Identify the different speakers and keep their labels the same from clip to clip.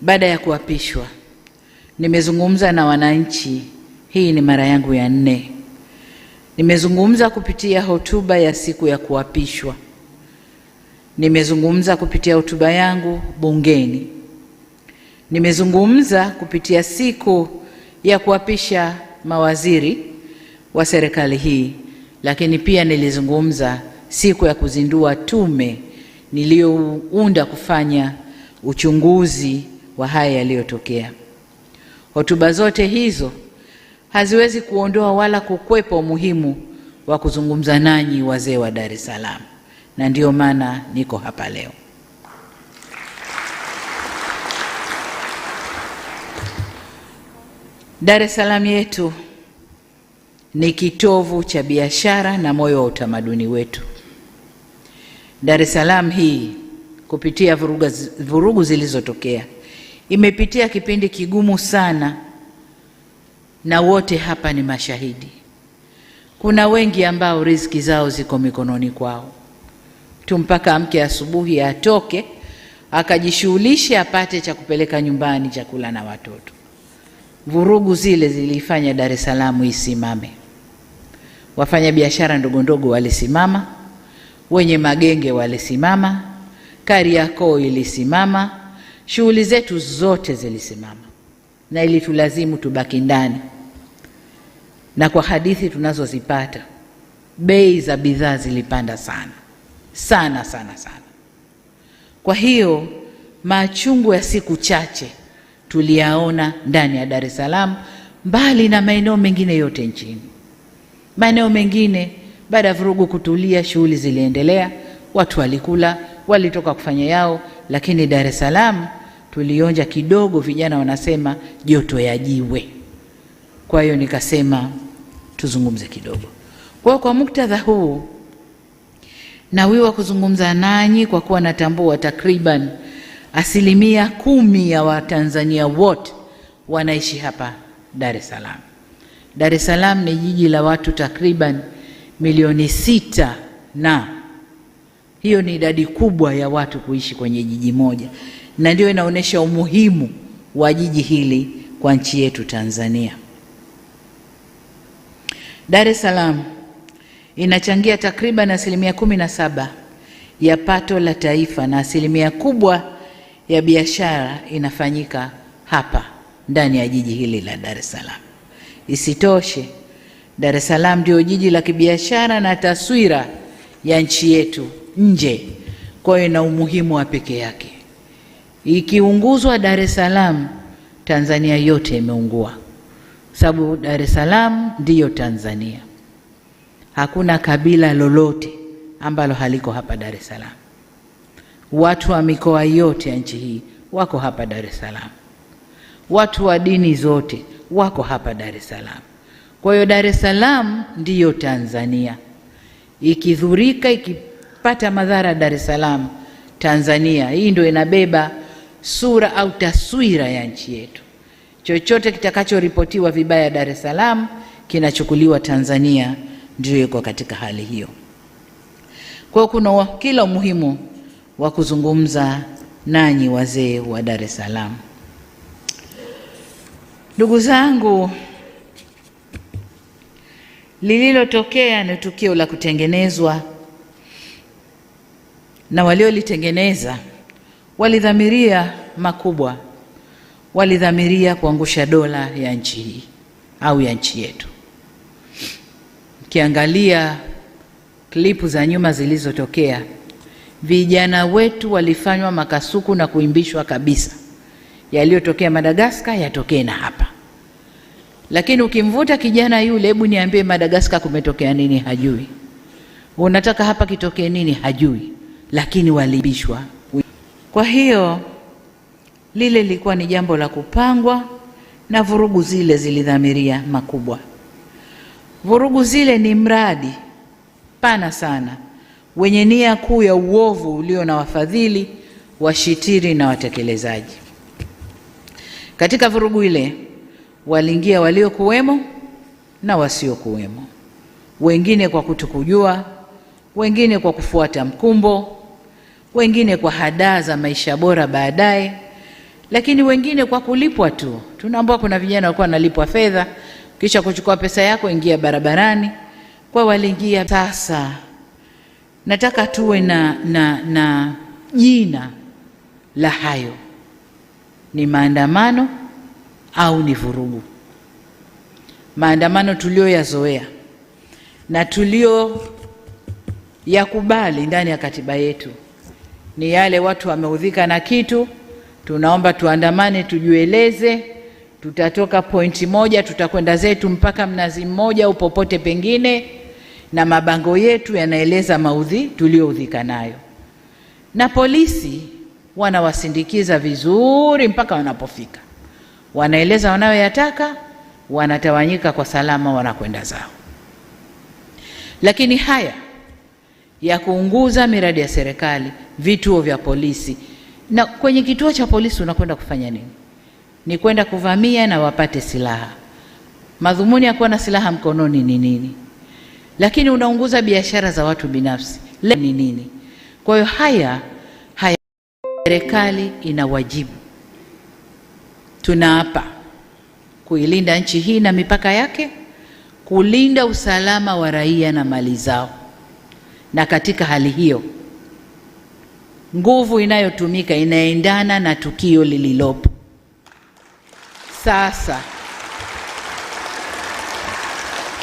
Speaker 1: Baada ya kuapishwa, nimezungumza na wananchi. Hii ni mara yangu ya nne. Nimezungumza kupitia hotuba ya siku ya kuapishwa, nimezungumza kupitia hotuba yangu bungeni, nimezungumza kupitia siku ya kuapisha mawaziri wa serikali hii, lakini pia nilizungumza siku ya kuzindua tume niliyounda kufanya uchunguzi wa haya yaliyotokea. Hotuba zote hizo haziwezi kuondoa wala kukwepa umuhimu wa kuzungumza nanyi wazee wa Dar es Salaam, na ndiyo maana niko hapa leo. Dar es Salaam yetu ni kitovu cha biashara na moyo wa utamaduni wetu. Dar es Salaam hii kupitia vurugu, vurugu zilizotokea imepitia kipindi kigumu sana, na wote hapa ni mashahidi. Kuna wengi ambao riziki zao ziko mikononi kwao tu, mpaka amke asubuhi atoke akajishughulishe apate cha kupeleka nyumbani, chakula na watoto. Vurugu zile zilifanya Dar es Salaam isimame, wafanyabiashara ndogo ndogo walisimama, wenye magenge walisimama, Kariakoo ilisimama, Shughuli zetu zote zilisimama na ilitulazimu tubaki ndani, na kwa hadithi tunazozipata bei za bidhaa zilipanda sana sana sana sana. Kwa hiyo machungu ya siku chache tuliyaona ndani ya Dar es Salaam, mbali na maeneo mengine yote nchini. Maeneo mengine baada ya vurugu kutulia, shughuli ziliendelea, watu walikula, walitoka kufanya yao, lakini Dar es Salaam tulionja kidogo, vijana wanasema joto ya jiwe. Kwa hiyo nikasema tuzungumze kidogo. Kwa hiyo kwa muktadha huu nawiwa kuzungumza nanyi kwa kuwa natambua takriban asilimia kumi ya Watanzania wote wanaishi hapa Dar es Salaam. Dar es Salaam ni jiji la watu takriban milioni sita na hiyo ni idadi kubwa ya watu kuishi kwenye jiji moja na ndio inaonyesha umuhimu wa jiji hili kwa nchi yetu Tanzania. Dar es Salaam inachangia takriban asilimia kumi na saba ya pato la taifa na asilimia kubwa ya biashara inafanyika hapa ndani ya jiji hili la Dar es Salaam. Isitoshe, Dar es Salaam ndio jiji la kibiashara na taswira ya nchi yetu nje, kwa hiyo ina umuhimu wa pekee yake. Ikiunguzwa Dar es Salaam, Tanzania yote imeungua, sababu Dar es Salaam ndiyo Tanzania. Hakuna kabila lolote ambalo haliko hapa Dar es Salaam. Watu wa mikoa yote ya nchi hii wako hapa Dar es Salaam, watu wa dini zote wako hapa Dar es Salaam. Kwa hiyo Dar es Salaam ndiyo Tanzania. Ikidhurika, ikipata madhara Dar es Salaam, Tanzania hii ndio inabeba sura au taswira ya nchi yetu. Chochote kitakachoripotiwa vibaya Dar es Salaam kinachukuliwa Tanzania ndio iko katika hali hiyo. Kwa hiyo kuna kila umuhimu wa kuzungumza nanyi wazee wa Dar es Salaam. Ndugu zangu, lililotokea ni tukio la kutengenezwa na waliolitengeneza walidhamiria makubwa, walidhamiria kuangusha dola ya nchi hii au ya nchi yetu. Ukiangalia klipu za nyuma zilizotokea, vijana wetu walifanywa makasuku na kuimbishwa kabisa. Yaliyotokea Madagaskar yatokee na hapa, lakini ukimvuta kijana yule, hebu niambie, Madagaskar kumetokea nini? Hajui. Unataka hapa kitokee nini? Hajui. Lakini waliibishwa kwa hiyo lile lilikuwa ni jambo la kupangwa na vurugu zile zilidhamiria makubwa. Vurugu zile ni mradi pana sana wenye nia kuu ya uovu ulio na wafadhili, washitiri na watekelezaji. Katika vurugu ile waliingia waliokuwemo na wasiokuwemo, wengine kwa kutokujua, wengine kwa kufuata mkumbo, wengine kwa hadaa za maisha bora baadaye, lakini wengine kwa kulipwa tu. Tunaambua kuna vijana walikuwa wanalipwa fedha, kisha kuchukua pesa yako, ingia barabarani. Kwa waliingia sasa, nataka tuwe na, na, na jina la hayo, ni maandamano au ni vurugu? Maandamano tuliyoyazoea na yakubali ndani ya katiba yetu ni yale watu wameudhika na kitu, tunaomba tuandamane, tujueleze Tutatoka pointi moja, tutakwenda zetu mpaka Mnazi Mmoja au popote pengine, na mabango yetu yanaeleza maudhi tuliyoudhika nayo, na polisi wanawasindikiza vizuri mpaka wanapofika, wanaeleza wanayoyataka, wanatawanyika kwa salama, wanakwenda zao. Lakini haya ya kuunguza miradi ya serikali, vituo vya polisi. Na kwenye kituo cha polisi unakwenda kufanya nini? Ni kwenda kuvamia na wapate silaha. Madhumuni ya kuwa na silaha mkononi ni nini? Lakini unaunguza biashara za watu binafsi ni nini? Kwa hiyo haya haya, serikali ina wajibu, tunaapa kuilinda nchi hii na mipaka yake, kulinda usalama wa raia na mali zao na katika hali hiyo nguvu inayotumika inaendana na tukio lililopo sasa.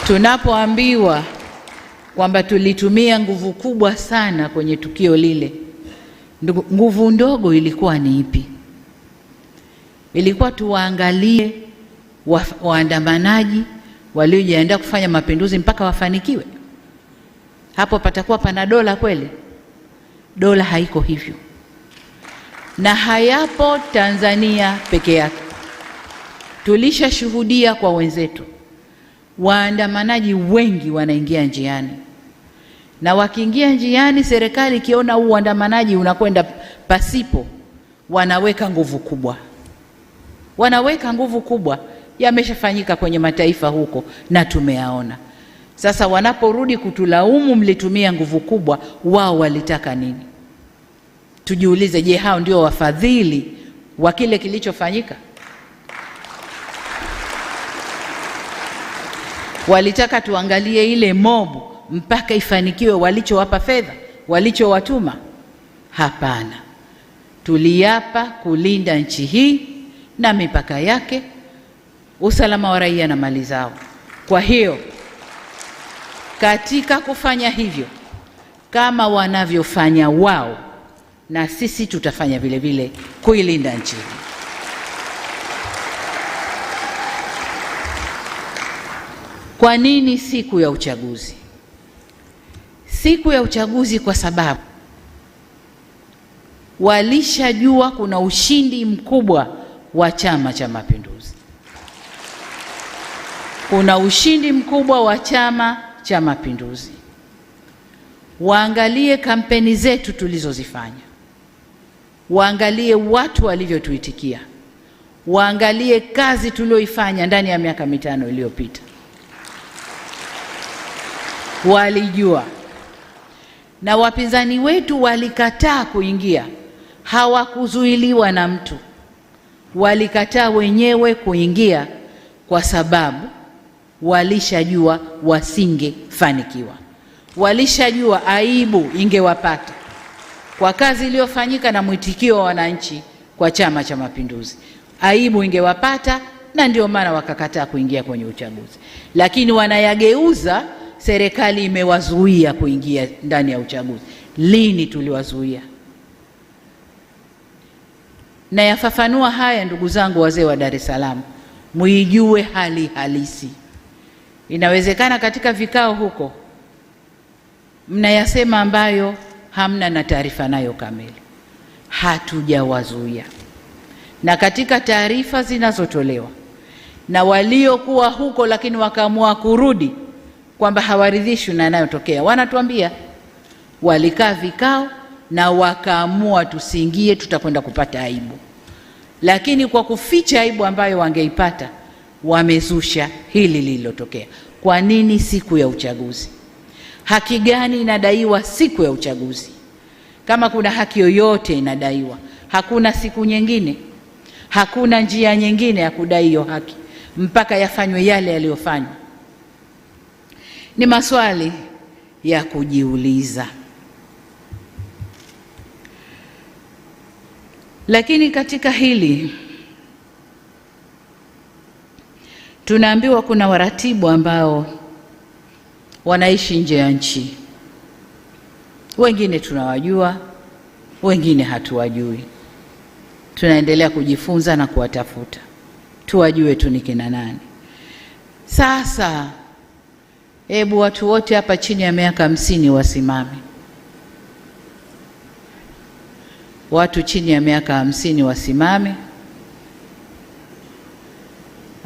Speaker 1: Tunapoambiwa kwamba tulitumia nguvu kubwa sana kwenye tukio lile, nguvu ndogo ilikuwa ni ipi? Ilikuwa tuwaangalie waandamanaji waliojiandaa kufanya mapinduzi mpaka wafanikiwe? hapo patakuwa pana dola kweli? Dola haiko hivyo, na hayapo Tanzania peke yake. Tulishashuhudia kwa wenzetu, waandamanaji wengi wanaingia njiani, na wakiingia njiani, serikali ikiona uandamanaji unakwenda pasipo, wanaweka nguvu kubwa, wanaweka nguvu kubwa. Yameshafanyika kwenye mataifa huko na tumeyaona. Sasa wanaporudi kutulaumu, mlitumia nguvu kubwa, wao walitaka nini? Tujiulize, je, hao ndio wafadhili wa kile kilichofanyika? Walitaka tuangalie ile mobu mpaka ifanikiwe walichowapa fedha, walichowatuma? Hapana, tuliapa kulinda nchi hii na mipaka yake, usalama wa raia na mali zao. Kwa hiyo katika kufanya hivyo, kama wanavyofanya wao, na sisi tutafanya vile vile kuilinda nchi hii. Kwa nini siku ya uchaguzi? Siku ya uchaguzi kwa sababu walishajua kuna ushindi mkubwa wa Chama cha Mapinduzi, kuna ushindi mkubwa wa Chama cha Mapinduzi. Waangalie kampeni zetu tulizozifanya, waangalie watu walivyotuitikia, waangalie kazi tulioifanya ndani ya miaka mitano iliyopita. Walijua na wapinzani wetu walikataa kuingia, hawakuzuiliwa na mtu, walikataa wenyewe kuingia kwa sababu walishajua wasingefanikiwa, walishajua aibu ingewapata kwa kazi iliyofanyika na mwitikio wa wananchi kwa Chama cha Mapinduzi, aibu ingewapata na ndio maana wakakataa kuingia kwenye uchaguzi, lakini wanayageuza. Serikali imewazuia kuingia ndani ya uchaguzi. Lini tuliwazuia? Nayafafanua haya ndugu zangu, wazee wa Dar es Salaam, muijue hali halisi. Inawezekana katika vikao huko mnayasema ambayo hamna na taarifa nayo kamili. Hatujawazuia, na katika taarifa zinazotolewa na waliokuwa huko lakini wakaamua kurudi kwamba hawaridhishwi na yanayotokea, wanatuambia walikaa vikao na wakaamua tusiingie, tutakwenda kupata aibu. Lakini kwa kuficha aibu ambayo wangeipata wamezusha hili lililotokea. Kwa nini siku ya uchaguzi? Haki gani inadaiwa siku ya uchaguzi? Kama kuna haki yoyote inadaiwa, hakuna siku nyingine, hakuna njia nyingine ya kudai hiyo haki mpaka yafanywe yale yaliyofanywa? Ni maswali ya kujiuliza. Lakini katika hili Tunaambiwa kuna waratibu ambao wanaishi nje ya nchi, wengine tunawajua, wengine hatuwajui. Tunaendelea kujifunza na kuwatafuta tuwajue tu ni kina nani. Sasa hebu watu wote hapa chini ya miaka hamsini wasimame, watu chini ya miaka hamsini wasimame.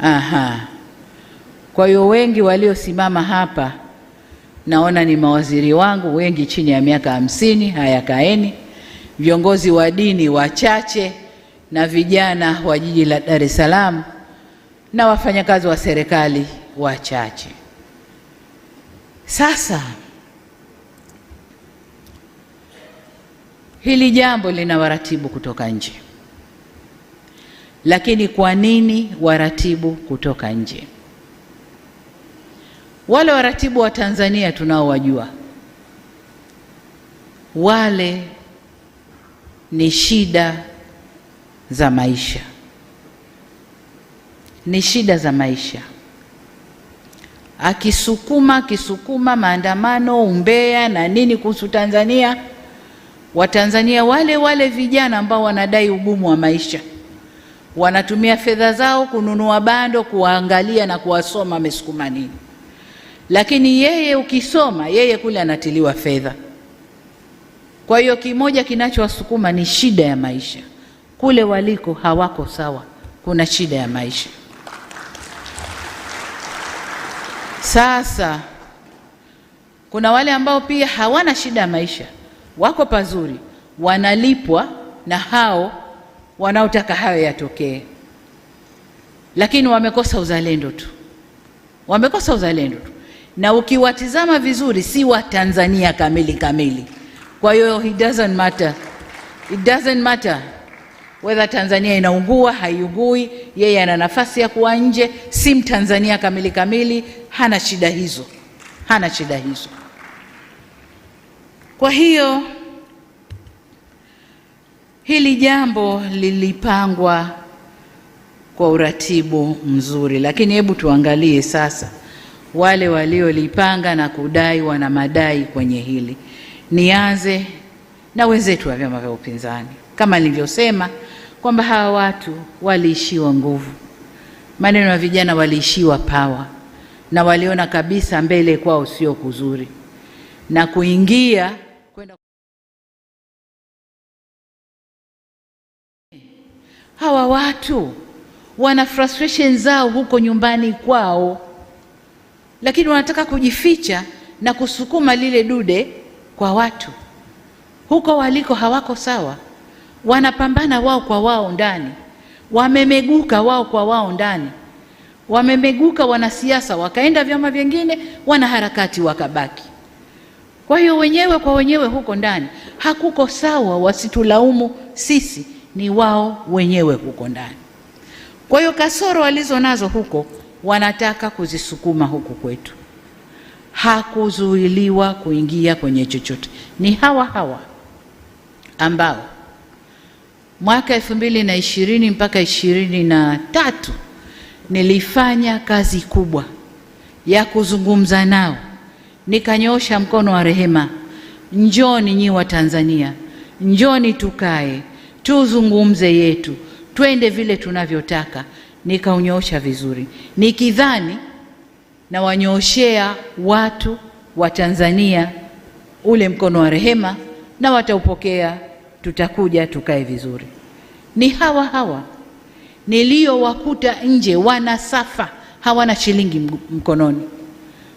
Speaker 1: Aha. Kwa hiyo wengi waliosimama hapa naona ni mawaziri wangu wengi chini ya miaka hamsini. Haya, kaeni. Viongozi wa dini wachache na vijana wa jiji la Dar es Salaam na wafanyakazi wa serikali wachache. Sasa hili jambo lina waratibu kutoka nje. Lakini kwa nini waratibu kutoka nje? Wale waratibu wa Tanzania tunaowajua wale, ni shida za maisha, ni shida za maisha. Akisukuma akisukuma maandamano, umbea na nini kuhusu Tanzania, Watanzania wale wale vijana ambao wanadai ugumu wa maisha wanatumia fedha zao kununua bando, kuwaangalia na kuwasoma mesukumanini. Lakini yeye ukisoma, yeye kule anatiliwa fedha. Kwa hiyo kimoja kinachowasukuma ni shida ya maisha, kule waliko hawako sawa, kuna shida ya maisha. Sasa kuna wale ambao pia hawana shida ya maisha, wako pazuri, wanalipwa na hao wanaotaka hayo yatokee, lakini wamekosa uzalendo tu, wamekosa uzalendo tu. Na ukiwatizama vizuri, si wa Tanzania kamili kamili. Kwa hiyo it doesn't matter, it doesn't matter whether Tanzania inaungua haiungui, yeye ana nafasi ya kuwa nje, si Mtanzania kamili kamili, hana shida hizo, hana shida hizo. Kwa hiyo Hili jambo lilipangwa kwa uratibu mzuri, lakini hebu tuangalie sasa wale waliolipanga na kudai wana madai kwenye hili. Nianze na wenzetu wa vyama vya upinzani, kama nilivyosema kwamba hawa watu waliishiwa nguvu, maneno ya vijana, waliishiwa pawa na waliona kabisa mbele kwao sio kuzuri na kuingia hawa watu wana frustration zao huko nyumbani kwao, lakini wanataka kujificha na kusukuma lile dude kwa watu. Huko waliko hawako sawa, wanapambana wao kwa wao ndani, wamemeguka wao kwa wao ndani, wamemeguka wanasiasa, wakaenda vyama vyingine, wanaharakati wakabaki. Kwa hiyo wenyewe kwa wenyewe huko ndani hakuko sawa, wasitulaumu sisi ni wao wenyewe huko ndani. Kwa hiyo kasoro walizo nazo huko wanataka kuzisukuma huku kwetu. Hakuzuiliwa kuingia kwenye chochote. Ni hawa hawa ambao mwaka elfu mbili na ishirini mpaka ishirini na tatu nilifanya kazi kubwa ya kuzungumza nao, nikanyosha mkono wa rehema, njoni nyi wa Tanzania, njoni tukae tuzungumze yetu, twende vile tunavyotaka. Nikaunyoosha vizuri, nikidhani nawanyooshea watu wa Tanzania ule mkono wa rehema, na wataupokea. Tutakuja tukae vizuri. Ni hawa hawa niliowakuta nje, wana safa, hawana shilingi mkononi,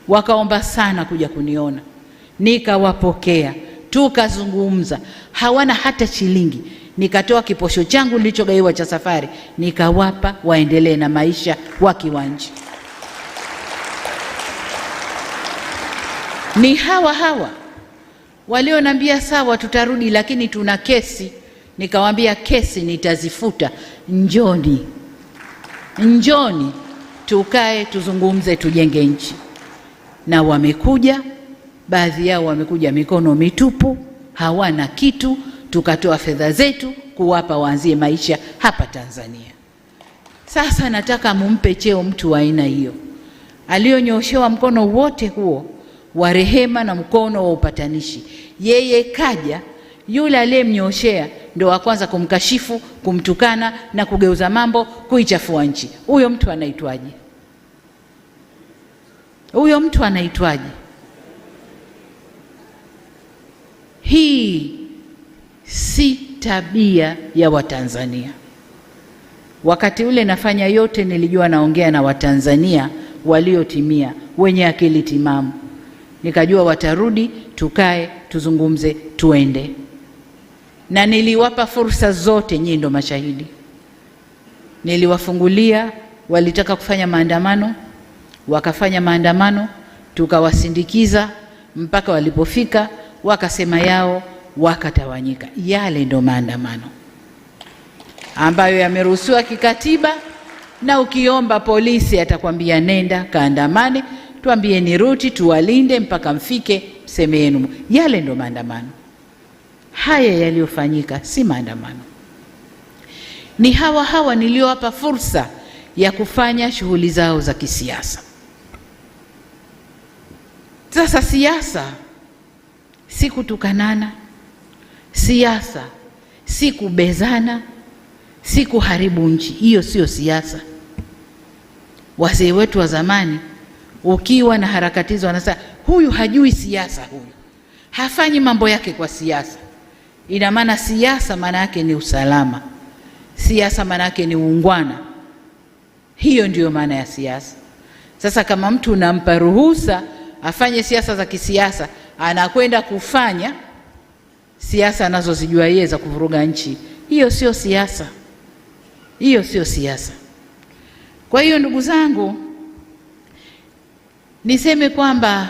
Speaker 1: wakaomba sana kuja kuniona, nikawapokea tukazungumza, hawana hata shilingi nikatoa kiposho changu nilichogaiwa cha safari, nikawapa waendelee na maisha wakiwa nje. Ni hawa hawa walionambia sawa, tutarudi lakini tuna kesi. Nikawaambia kesi nitazifuta, njoni njoni tukae tuzungumze, tujenge nchi. Na wamekuja baadhi yao, wamekuja mikono mitupu, hawana kitu tukatoa fedha zetu kuwapa waanzie maisha hapa Tanzania. Sasa nataka mumpe cheo mtu wa aina hiyo aliyonyoshewa mkono wote huo wa rehema na mkono wa upatanishi. Yeye kaja, yule aliyemnyoshea ndo wa kwanza kumkashifu, kumtukana na kugeuza mambo, kuichafua nchi. Huyo mtu anaitwaje? Huyo mtu anaitwaje? Hii si tabia ya Watanzania. Wakati ule nafanya yote, nilijua naongea na Watanzania waliotimia wenye akili timamu, nikajua watarudi, tukae tuzungumze, tuende. Na niliwapa fursa zote, nyinyi ndo mashahidi. Niliwafungulia, walitaka kufanya maandamano, wakafanya maandamano, tukawasindikiza mpaka walipofika, wakasema yao wakatawanyika. Yale ndo maandamano ambayo yameruhusiwa kikatiba, na ukiomba polisi atakwambia nenda kaandamane, tuambie ni ruti, tuwalinde mpaka mfike mseme yenu. Yale ndo maandamano. Haya yaliyofanyika si maandamano, ni hawa hawa niliowapa fursa ya kufanya shughuli zao za kisiasa. Sasa siasa si kutukanana Siasa si kubezana, si kuharibu nchi. Hiyo siyo siasa. Wazee wetu wa zamani, ukiwa na harakati hizo, wanasema huyu hajui siasa, huyu hafanyi mambo yake kwa siasa. Ina maana siasa maana yake ni usalama, siasa maana yake ni uungwana. Hiyo ndiyo maana ya siasa. Sasa kama mtu unampa ruhusa afanye siasa za kisiasa, anakwenda kufanya siasa anazozijua yeye za kuvuruga nchi, hiyo sio siasa, hiyo sio siasa. Kwa hiyo ndugu zangu, niseme kwamba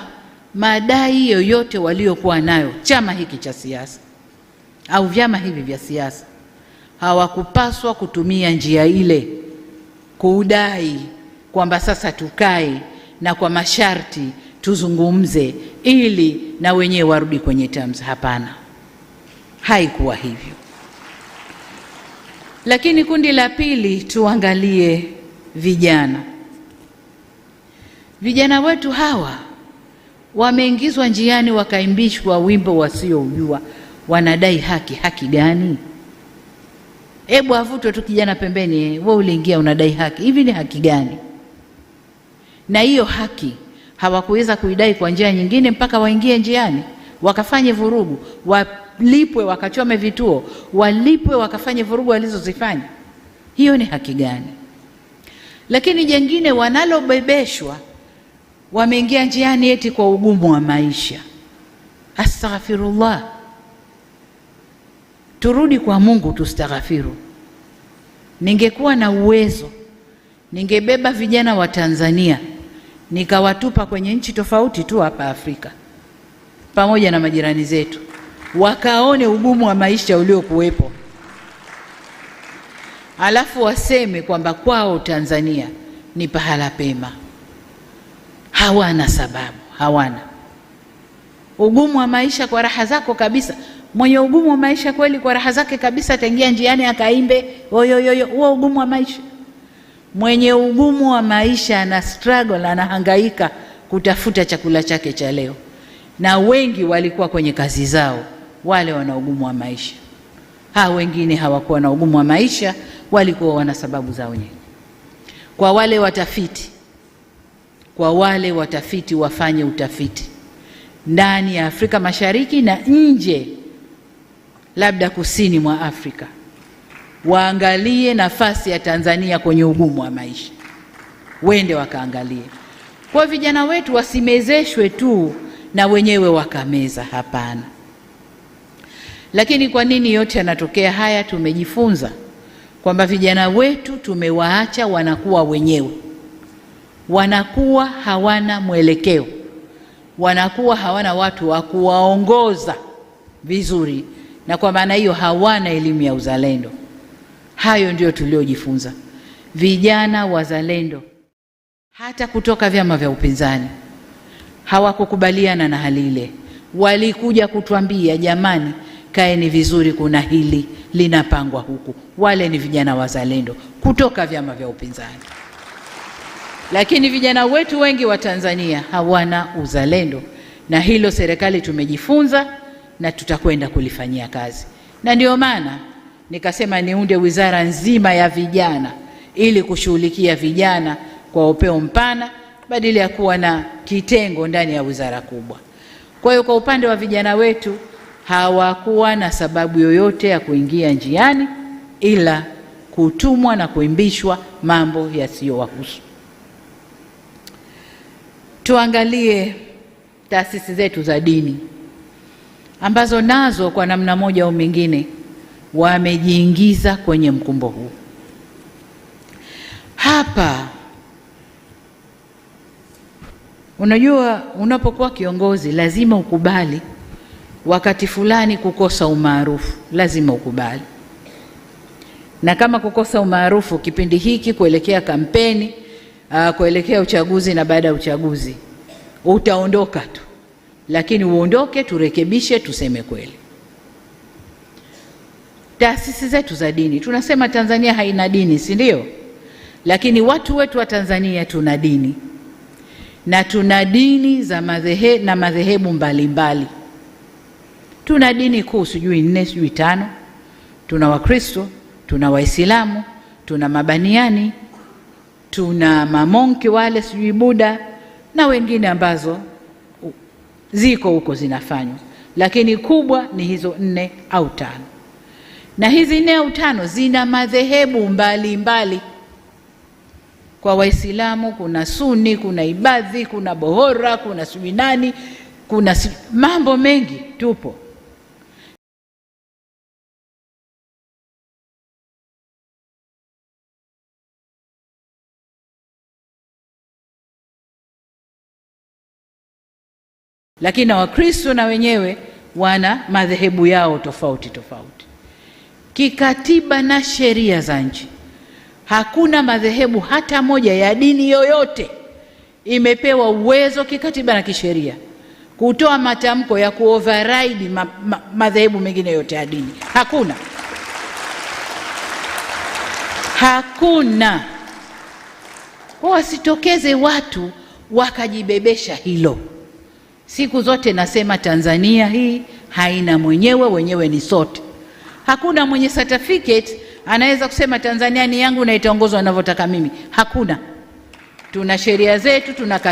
Speaker 1: madai yoyote waliokuwa nayo chama hiki cha siasa au vyama hivi vya siasa hawakupaswa kutumia njia ile kudai kwamba sasa tukae na kwa masharti tuzungumze ili na wenyewe warudi kwenye terms. Hapana haikuwa hivyo. Lakini kundi la pili, tuangalie vijana. Vijana wetu hawa wameingizwa njiani, wakaimbishwa wimbo wasioujua, wanadai haki. Haki gani? Hebu avutwe tu kijana pembeni, wewe uliingia unadai haki, hivi ni haki gani? Na hiyo haki hawakuweza kuidai kwa njia nyingine mpaka waingie njiani wakafanye vurugu, walipwe, wakachome vituo, walipwe, wakafanye vurugu walizozifanya. Hiyo ni haki gani? Lakini jengine wanalobebeshwa, wameingia njiani eti kwa ugumu wa maisha. Astaghfirullah, turudi kwa Mungu tustaghfiru. Ningekuwa na uwezo ningebeba vijana wa Tanzania nikawatupa kwenye nchi tofauti tu hapa Afrika pamoja na majirani zetu, wakaone ugumu wa maisha uliokuwepo, alafu waseme kwamba kwao Tanzania ni pahala pema. Hawana sababu, hawana ugumu wa maisha. Kwa raha zako kabisa, mwenye ugumu wa maisha kweli, kwa raha zake kabisa, ataingia njiani akaimbe oyoyoyo, huo ugumu wa maisha. Mwenye ugumu wa maisha ana struggle, anahangaika kutafuta chakula chake cha leo na wengi walikuwa kwenye kazi zao, wale wana ugumu wa maisha. Hawa wengine hawakuwa na ugumu wa maisha, walikuwa wana sababu zao wenyewe. Kwa wale watafiti, kwa wale watafiti wafanye utafiti ndani ya Afrika Mashariki na nje, labda kusini mwa Afrika, waangalie nafasi ya Tanzania kwenye ugumu wa maisha, wende wakaangalie. Kwa vijana wetu wasimezeshwe tu na wenyewe wakameza. Hapana. Lakini kwa nini yote yanatokea haya? Tumejifunza kwamba vijana wetu tumewaacha wanakuwa wenyewe, wanakuwa hawana mwelekeo, wanakuwa hawana watu wa kuwaongoza vizuri, na kwa maana hiyo hawana elimu ya uzalendo. Hayo ndiyo tuliojifunza. Vijana wazalendo hata kutoka vyama vya upinzani hawakukubaliana na hali ile, walikuja kutwambia jamani, kaeni vizuri, kuna hili linapangwa huku. Wale ni vijana wazalendo kutoka vyama vya upinzani, lakini vijana wetu wengi wa Tanzania hawana uzalendo, na hilo serikali tumejifunza na tutakwenda kulifanyia kazi, na ndio maana nikasema niunde wizara nzima ya vijana ili kushughulikia vijana kwa upeo mpana badala ya kuwa na kitengo ndani ya wizara kubwa. Kwa hiyo kwa upande wa vijana wetu hawakuwa na sababu yoyote ya kuingia njiani ila kutumwa na kuimbishwa mambo yasiyowahusu. Tuangalie taasisi zetu za dini ambazo nazo kwa namna moja au mingine wamejiingiza kwenye mkumbo huu hapa Unajua, unapokuwa kiongozi lazima ukubali wakati fulani kukosa umaarufu, lazima ukubali. Na kama kukosa umaarufu kipindi hiki kuelekea kampeni, uh, kuelekea uchaguzi na baada ya uchaguzi, utaondoka tu, lakini uondoke, turekebishe, tuseme kweli. Taasisi zetu za dini, tunasema Tanzania haina dini, si ndio? Lakini watu wetu wa Tanzania tuna dini na tuna dini za madhehe, na madhehebu mbalimbali. Tuna dini kuu sijui nne sijui tano. Tuna Wakristo, tuna Waislamu, tuna mabaniani, tuna mamonki wale sijui Buda na wengine ambazo ziko huko zinafanywa, lakini kubwa ni hizo nne au tano, na hizi nne au tano zina madhehebu mbalimbali mbali. Kwa Waislamu kuna Suni, kuna Ibadhi, kuna Bohora, kuna Subinani, kuna mambo mengi tupo. Lakini na Wakristo na wenyewe wana madhehebu yao tofauti tofauti. Kikatiba na sheria za nchi Hakuna madhehebu hata moja ya dini yoyote imepewa uwezo kikatiba na kisheria kutoa matamko ya override ma, ma, madhehebu mengine yote ya dini. Hakuna, hakuna. Wasitokeze watu wakajibebesha hilo. Siku zote nasema Tanzania hii haina mwenyewe, wenyewe ni sote. Hakuna mwenye certificate Anaweza kusema Tanzania ni yangu na itaongozwa ninavyotaka mimi? Hakuna. Tuna sheria zetu, tuna